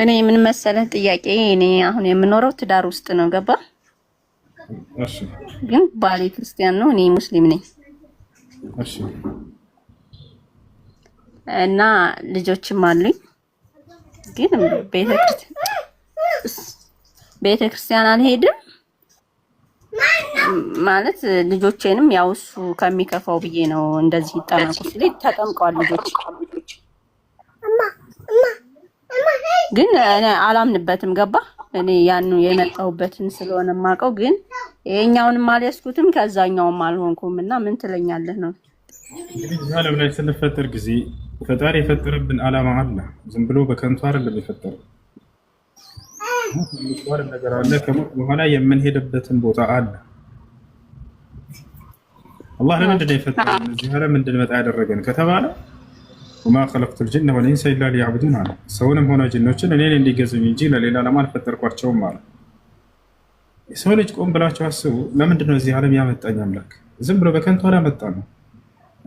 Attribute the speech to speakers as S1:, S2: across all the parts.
S1: እኔ ምን መሰለህ ጥያቄ እኔ አሁን የምኖረው ትዳር ውስጥ ነው፣ ገባ ግን ባሌ ክርስቲያን ነው፣ እኔ ሙስሊም ነኝ እና ልጆችም አሉኝ። ግን ቤተ ክርስቲያን አልሄድም ማለት ልጆቼንም ያው እሱ ከሚከፋው ብዬ ነው እንደዚህ ይጠመቁ ስለ ተጠምቀዋል ልጆች ግን አላምንበትም። ገባ እኔ ያን የመጣሁበትን ስለሆነ የማውቀው ግን ይሄኛውንም አልያዝኩትም ከዛኛውም አልሆንኩም እና ምን ትለኛለህ ነው
S2: እንግዲህ ዓለም ላይ ስንፈጠር ጊዜ ፈጣሪ የፈጠረብን አላማ አለ። ዝም ብሎ በከንቱ አይደለም የፈጠረ ነገር አለ። ከሞት በኋላ የምንሄድበትን ቦታ አለ። አላህ ለምንድን ነው የፈጠረን? እዚህ ዓለም እንድንመጣ ያደረገን ከተባለ ወማ ከለቅቱል ጅነ ወልኢንሰ ኢላ ሊያዕቡዱን አለ። ሰውንም ሆነ ጅኖችን እኔን እንዲገዙኝ እንጂ ለሌላ ዓላማ አልፈጠርኳቸውም አለ። የሰው ልጅ ቆም ብላችሁ አስቡ። ለምንድን ነው እዚህ ዓለም ያመጣኝ አምላክ? ዝም ብሎ በከንቱ አላመጣ ነው።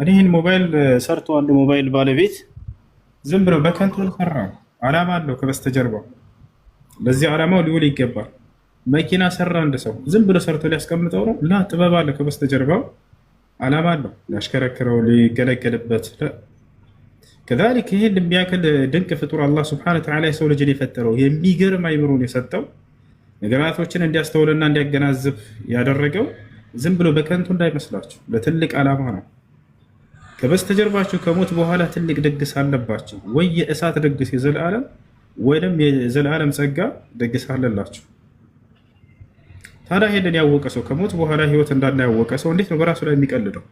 S2: እኔ ይህን ሞባይል ሰርቶ አንዱ ሞባይል ባለቤት ዝም ብሎ በከንቱ አልሰራው፣ ዓላማ አለው ከበስተጀርባው። ለዚህ ዓላማው ሊውል ይገባል። መኪና ሰራ አንድ ሰው ዝም ብሎ ሰርቶ ሊያስቀምጠው ነው? ላ ጥበብ አለ ከበስተጀርባው፣ ዓላማ አለው ሊያሽከረክረው፣ ሊገለገልበት ከዛሊክ ይህን የሚያክል ድንቅ ፍጡር አላህ ስብሐነ ወተዓላ የሰው ልጅን የፈጠረው የሚገርም አይምሮን የሰጠው ነገራቶችን እንዲያስተውልና እንዲያገናዝብ ያደረገው ዝም ብሎ በከንቱ እንዳይመስላችሁ ለትልቅ ዓላማ ነው። ከበስተጀርባችሁ ከሞት በኋላ ትልቅ ድግስ አለባችሁ። ወይ የእሳት ድግስ የዘለዓለም ወይም የዘለዓለም ጸጋ ድግስ አለላችሁ። ታዲያ ይሄንን ያወቀ ሰው ከሞት በኋላ ህይወት እንዳለ ያወቀ ሰው እንዴት ነው በራሱ ላይ የሚቀልደው?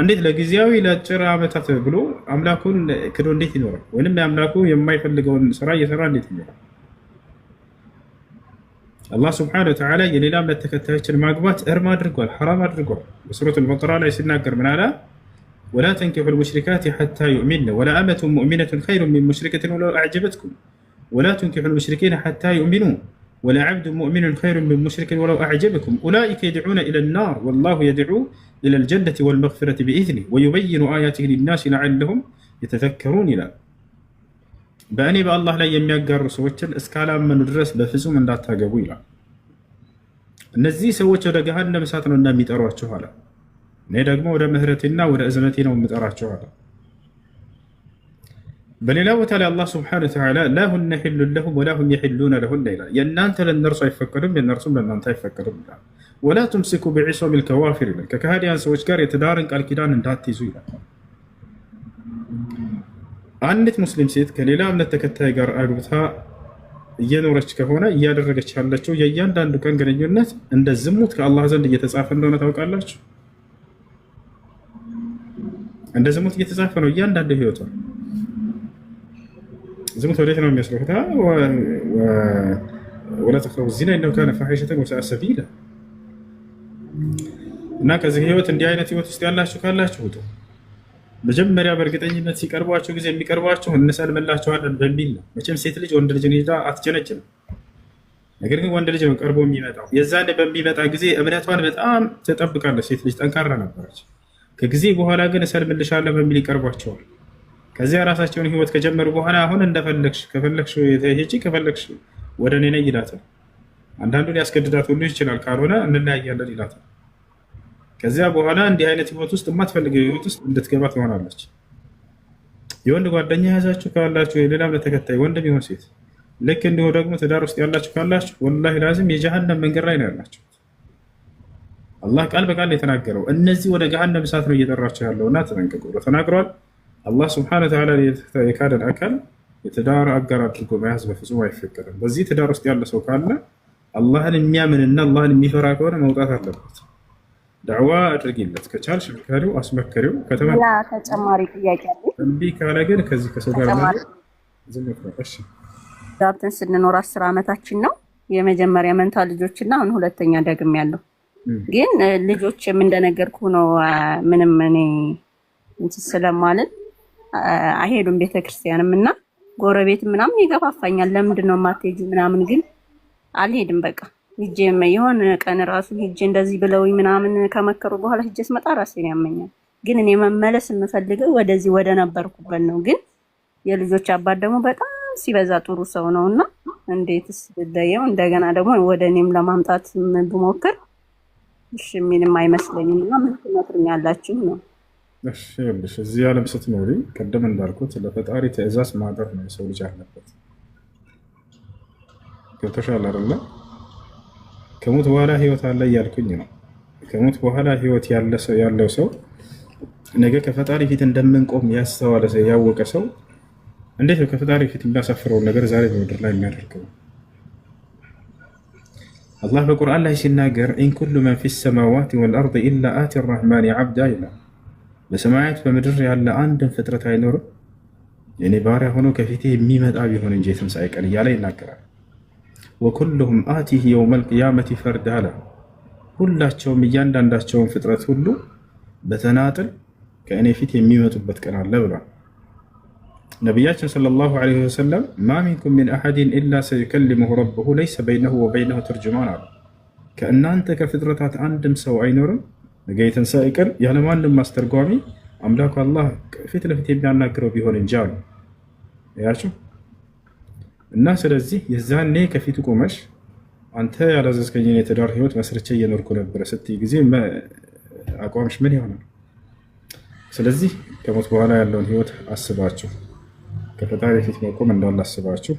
S2: እንዴት ለጊዜያዊ ለአጭር ዓመታት ብሎ አምላኩን ክዶ እንዴት ይኖራል? ወይም የአምላኩ የማይፈልገውን ስራ እየሰራ እንዴት ይኖራል? አላህ ስብሐነሁ ወተዓላ የሌላ እምነት ተከታዮችን ማግባት እርም አድርጓል፣ ሐራም አድርጓል። በሱረቱል በቀራ ላይ ሲናገር ምን አለ? ወላ ተንኪሑል ሙሽሪካት ሐታ ዩእሚን ወላ አመቱ ሙእሚነቱን ኸይሩን ሚን ሙሽሪከትን ወለው አዕጀበትኩም ወላ ተንኪሑል ሙሽሪኪን ሐታ ዩእሚኑ ወለዓብዱ ሙእሚኑን ኸይሩን ምን ሙሽሪኪን ወለው አዕጀበኩም ኡላኢከ የድዑነ ኢለናር ወላሁ የድዑ ኢለልጀነቲ ወልመግፊረቲ ቢኢዝኒ ወዩበይኑ አያቲህ ሊናስ ለዓለሁም የተዘከሩን ይላል። በእኔ በአላህ ላይ የሚያጋሩ ሰዎችን እስካላመኑ ድረስ በፍጹም እንዳታገቡ ይላል። እነዚህ ሰዎች ወደ ገሃነም እሳት ነው እና የሚጠሯችሁ አለ። እኔ ደግሞ ወደ ምህረቴና ወደ እዝነቴ ነው የምጠራችሁ አለ። بل لا وتعالى الله سبحانه وتعالى لا هن حل لهم ولا هم يحلون لهن إلا يعني أنت يفكرون لن نرصى لن أنت يفكرون لا ولا تمسكوا بعصم الكوافر لك ككهاري أن سوشكار يتدارن قال كدان أن دات أنت مسلم سيد كليلا من التكتاي قار أقبتها ينورش كهونا يالرغش هالله شو ييان دان دوكان غني يونت عند الزموت كالله زند يتسعفن دونة توقع الله شو عند الزموت يتسعفن ويان دان دهيوتون ዝሙት ወዴት ነው የሚወስደው? ወላ ተቅረቡ ዚና ኢነሁ ካነ ፋሒሸተን ወሰአ ሰቢላ። እና ከዚህ ህይወት እንዲህ አይነት ህይወት ውስጥ ያላችሁ ካላችሁ ውጡ። መጀመሪያ በእርግጠኝነት ሲቀርቧችሁ ጊዜ የሚቀርቧችሁ እንሰልምላችኋለን በሚል ነው። መቼም ሴት ልጅ ወንድ ልጅን ይዛ አትጀነጅንም። ነገር ግን ወንድ ልጅ ነው ቀርቦ የሚመጣው። የዛኔ በሚመጣ ጊዜ እምነቷን በጣም ትጠብቃለች። ሴት ልጅ ጠንካራ ነበረች። ከጊዜ በኋላ ግን እሰልምልሻለሁ በሚል ይቀርቧቸዋል። ከዚያ ራሳቸውን ህይወት ከጀመሩ በኋላ አሁን እንደፈለግሽ ከፈለግሽ ሂጂ ከፈለግሽ ወደ እኔ ነይ ይላታል። አንዳንዱ ሊያስገድዳት ሁሉ ይችላል። ካልሆነ እንለያያለን ይላታል። ከዚያ በኋላ እንዲህ አይነት ህይወት ውስጥ የማትፈልገ ህይወት ውስጥ እንድትገባ ትሆናለች። የወንድ ጓደኛ የያዛችሁ ካላችሁ የሌላ እምነት ተከታይ ወንድም ይሆን ሴት፣ ልክ እንዲሁ ደግሞ ትዳር ውስጥ ያላችሁ ካላችሁ ወላሂ ላዚም የጀሃነም መንገድ ላይ ነው ያላችሁ። አላህ ቃል በቃል የተናገረው እነዚህ ወደ ገሃነም እሳት ነው እየጠራቸው ያለው እና ተጠንቀቁ ተናግሯል። አላህ ስብሐነ ተዓላ የካደን አካል የትዳር አጋር አድርጎ መያዝ በፍጹም አይፈቀድም። በዚህ ትዳር ውስጥ ያለ ሰው ካለ አላህን የሚያምንና አላህን የሚፈራ ከሆነ መውጣት አለበት። ዳዕዋ አድርጊለት ከቻልሽ፣ ምክሪው፣ አስመከሪው። ተጨማሪ ጥያቄ ካለ ግን ከዚህ ከሰው ጋር ዳብተን ስንኖር አስር ዓመታችን ነው። የመጀመሪያ መንታ ልጆችና አሁን ሁለተኛ ደግም ያለው ግን ልጆችም እንደነገርኩ ነው ምንም እኔ ስለማልን አይሄዱም ቤተክርስቲያንም እና ጎረቤት ምናምን ይገፋፋኛል። ለምንድን ነው የማትሄጂው ምናምን ግን አልሄድም። በቃ ሂጄ የሆነ ቀን ራሱ ሂጄ እንደዚህ ብለውኝ ምናምን ከመከሩ በኋላ ሂጄ ስመጣ ራሴን ያመኛል። ግን እኔ መመለስ የምፈልገው ወደዚህ ወደ ነበርኩበት ነው። ግን የልጆች አባት ደግሞ በጣም ሲበዛ ጥሩ ሰው ነው እና እንዴትስ ብለየው እንደገና ደግሞ ወደ እኔም ለማምጣት ብሞክር እሺ የሚልም አይመስለኝም እና ምን ትመክሩኛላችሁ ነው ይኸውልሽ እዚህ ዓለም ስትኖሪ ቅድም እንዳልኩት ለፈጣሪ ትዕዛዝ ማድረግ ነው የሰው ልጅ አለበት። ገብቶሻል አይደለ? ከሞት በኋላ ህይወት አለ እያልኩኝ ነው። ከሞት በኋላ ህይወት ያለው ሰው ነገ ከፈጣሪ ፊት እንደምንቆም ያስተዋለ ሰው ያወቀ ሰው እንዴት ነው ከፈጣሪ ፊት የሚያሳፍረውን ነገር ዛሬ በምድር ላይ የሚያደርገው? አላህ በቁርአን ላይ ሲናገር ኢን ኩሉ መን ፊ ሰማዋት ወልአርድ ኢላ አቲ ራህማን አብዳ ይላል በሰማያት በምድር ያለ አንድን ፍጥረት አይኖርም የኔ ባሪያ ሆኖ ከፊቴ የሚመጣ ቢሆን እንጂ የትንሣኤ ቀን እያለ ይናገራል። ወኩልሁም አቲህ የውመል ቅያመቲ ፈርድ አለ። ሁላቸውም እያንዳንዳቸውን ፍጥረት ሁሉ በተናጥል ከእኔ ፊት የሚመጡበት ቀን አለ ብሏል። ነቢያችን ሰለላሁ ዐለይሂ ወሰለም ማ ሚንኩም ሚን አሐዲን ኢላ ሰዩከልሙሁ ረብሁ ለይሰ በይነሁ ወበይነሁ ተርጅማን አሉ። ከእናንተ ከፍጥረታት አንድም ሰው አይኖርም ነገ የትንሣኤ ቀን ያለማንም አስተርጓሚ አምላኩ አላህ ፊት ለፊት የሚያናግረው ቢሆን እንጂ አሉ ያቸው እና ስለዚህ የዛኔ ከፊት ቁመሽ አንተ ያላዘዝከኝን የትዳር ህይወት መስርቼ እየኖርኩ ነበረ ስትይ ጊዜ አቋምሽ ምን ይሆናል? ስለዚህ ከሞት በኋላ ያለውን ህይወት አስባችሁ ከፈጣሪ ፊት መቆም እንዳለ አስባችሁ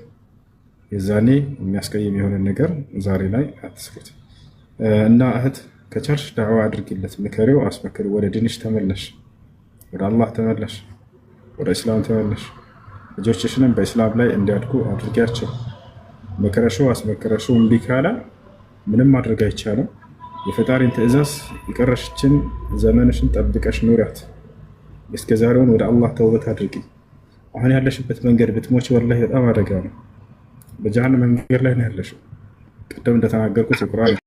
S2: የዛኔ የሚያስቀይም የሆነ ነገር ዛሬ ላይ አትስሩት እና እህት ከቻልሽ ዳዕዋ አድርጊለት፣ ምከሪው፣ አስመክሪ ወደ ድንሽ ተመለሽ፣ ወደ አላህ ተመለሽ፣ ወደ እስላም ተመለሽ። ልጆችሽንም በእስላም ላይ እንዲያድጉ አድርጊያቸው። መከረሽው፣ አስመክረሽው እምቢ ካለ ምንም ማድረግ አይቻልም። የፈጣሪን ትዕዛዝ የቀረሽችን ዘመንሽን ጠብቀሽ ኑሪያት። እስከ ዛሬውን ወደ አላህ ተውበት አድርጊ። አሁን ያለሽበት መንገድ ብትሞች ወላሂ በጣም አደጋ ነው። በጀሃነም መንገድ ላይ ነው ያለሽው። ቅድም እንደተናገርኩት ቁርአን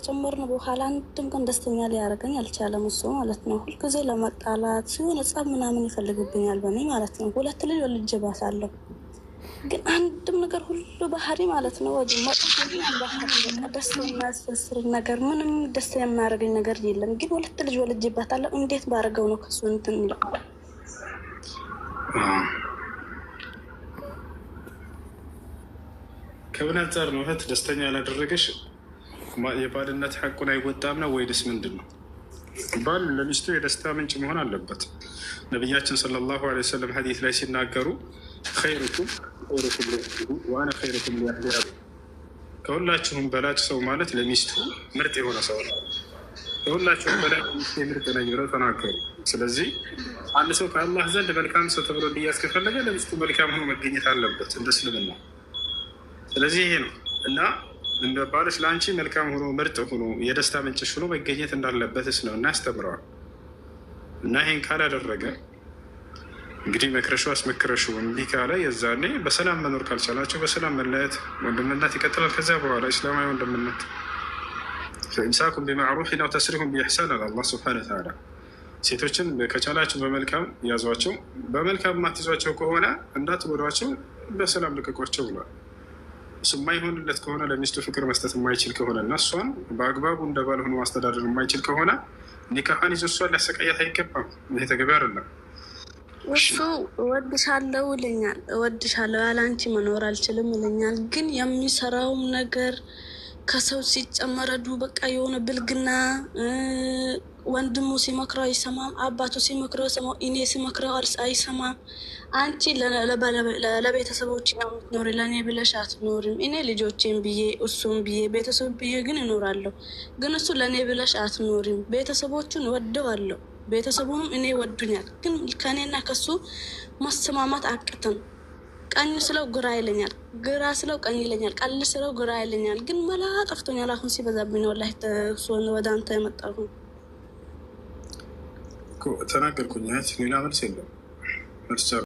S2: ከተጨመርን በኋላ አንድም ቀን ደስተኛ ሊያደርገኝ አልቻለም። እሱ ማለት ነው ሁልጊዜ ለመጣላት ሲሆን ጸብ ምናምን ይፈልግብኛል በእኔ ማለት ነው። ሁለት ልጅ ወልጄ ባሳለሁ ግን አንድም ነገር ሁሉ ባህሪ ማለት ነው ወ ደስ የሚያስፈስር ነገር ምንም ደስ የማያደርገኝ ነገር የለም። ግን ሁለት ልጅ ወልጄ ባታለሁ እንዴት ባደርገው ነው ከሱ እንትን ይለው ከምን አንጻር ነው እህት ደስተኛ ያላደረገሽ የባልነት ሐቁን አይወጣም ነው ወይስ ምንድን ነው? ባል ለሚስቱ የደስታ ምንጭ መሆን አለበት። ነቢያችን ሰለላሁ ዐለይሂ ወሰለም ሐዲስ ላይ ሲናገሩ ኸይሩኩም ኸይሩኩም ወአነ ከሁላችሁም በላጭ ሰው ማለት ለሚስቱ ምርጥ የሆነ ሰው ነው። ከሁላችሁም በላይ ሚስቴ ምርጥ ነኝ ብለው ተናገሩ። ስለዚህ አንድ ሰው ከአላህ ዘንድ መልካም ሰው ተብሎ እንዲያዝ ከፈለገ ለሚስቱ መልካም ሆኖ መገኘት አለበት እንደ እስልምና። ስለዚህ ይሄ ነው እና እንደ ባልሽ ለአንቺ መልካም ሆኖ ምርጥ ሆኖ የደስታ ምንጭሽ ሆኖ መገኘት እንዳለበትስ ነው እና ያስተምረዋል። እና ይህን ካላደረገ እንግዲህ መክረሹ አስመክረሹ እንዲ ካለ የዛኔ በሰላም መኖር ካልቻላቸው በሰላም መለያየት ወንድምነት ይቀጥላል። ከዚያ በኋላ እስላማዊ ወንድምነት ኢምሳኩም ቢማዕሩፍ ነው ተስሪሁም ቢሕሳን አለ አላህ ስብሐነ ተዓላ። ሴቶችን ከቻላቸው በመልካም ያዟቸው፣ በመልካም ማትይዟቸው ከሆነ እንዳትጎዷቸው በሰላም ልቀቋቸው ብሏል። የማይሆንለት ከሆነ ለሚስቱ ፍቅር መስጠት የማይችል ከሆነ እና እሷን በአግባቡ እንደ ባል ሆኖ ማስተዳደር የማይችል ከሆነ ኒካሃን ይዞ እሷን ሊያሰቃያት አይገባም። ይሄ ተገቢ አይደለም። እሱ እወድሻለሁ ይለኛል፣ እወድሻለሁ ያለአንቺ መኖር አልችልም ይለኛል። ግን የሚሰራውም ነገር ከሰው ሲጨመረዱ በቃ የሆነ ብልግና ወንድሙ ሲመክረው አይሰማም፣ አባቱ ሲመክረው ሰማ፣ እኔ ሲመክረው አይሰማም። አንቺ ለቤተሰቦች ኖሪ፣ ለእኔ ብለሽ አትኖሪም። እኔ ልጆቼን ብዬ እሱም ብዬ ቤተሰብ ብዬ ግን እኖራለሁ። ግን እሱ ለእኔ ብለሽ አትኖሪም። ቤተሰቦቹን ወደዋለሁ፣ ቤተሰቡንም እኔ ወዱኛል። ግን ከእኔና ከሱ ማሰማማት አቅተን ቀኝ ስለው ግራ ይለኛል፣ ግራ ስለው ቀኝ ይለኛል፣ ቀል ስለው ግራ ይለኛል። ግን መላ ጠፍቶኛል። አሁን ሲበዛብኝ ወላሂ ወደ አንተ የመጣሁ ተናገርኩኝ። ሌላ መልስ የለም።